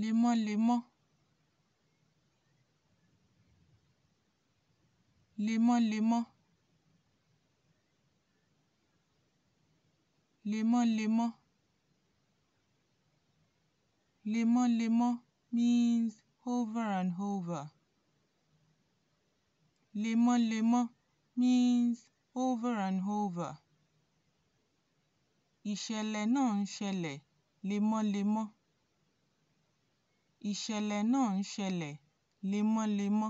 lemọ́lemọ́ lemọ́lemọ́ lemọ́lemọ́ lemọ́lemọ́ means over and over lemọ́lemọ́ means over and over ìṣẹ̀lẹ̀ náà ń ṣẹlẹ̀ lemọ́lemọ́ ìṣẹlẹ náà ń ṣẹlẹ lemọlemọ